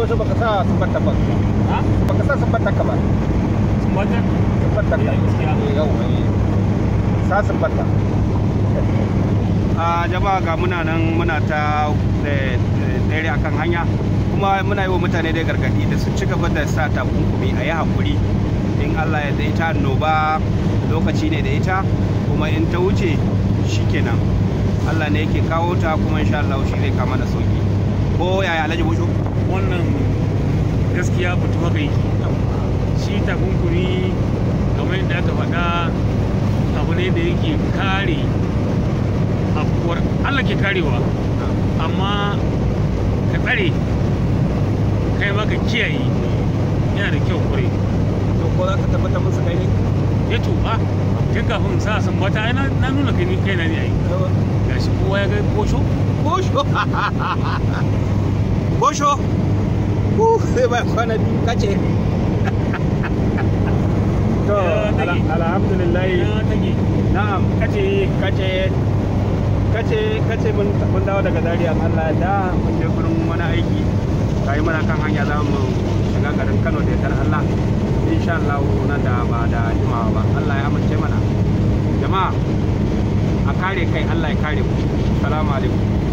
zo shi baka eh. sa sumbar ta Sempat baka sa sempat tak ka ba sumbar ta sumbar ta ka yau sa sumbar ta a jama'a ga muna nan muna eh, eh, de tsere akan hanya kuma muna yi wa mutane da gargadi da su ci gaba da sa takunkumi a yi hakuri in allah ya ita noba lokaci ne da ita kuma in ta wuce shikenan allah ne yake kawo ta kuma insha allah shi zai kama da sauki ko yaya alhaji bosho wannan gaskiya fito haka yi shi takunkuri kamar yadda aka faɗa abu ne da yake kare abubuwar allah ke karewa amma ka tsare kai maka kiyaye yana da kyau kure to ko za ka tabbatar musu kai ne ya eh tuba tun kafin sa san bata na nuna kai ne kai na ne ai gashi kowa ya ga bosho bosho bosho ku sai ba kwana biyu kace to alhamdulillah na'am kace kace kace kace mun dawo daga dame, Allah da mun je gurin wani aiki kai mana kan hanya zamu shiga garin Kano da yardar Allah insha Allah nan da ba da jimawa ba Allah ya amince mana kare kai Allah ya kare ku salamu alaikum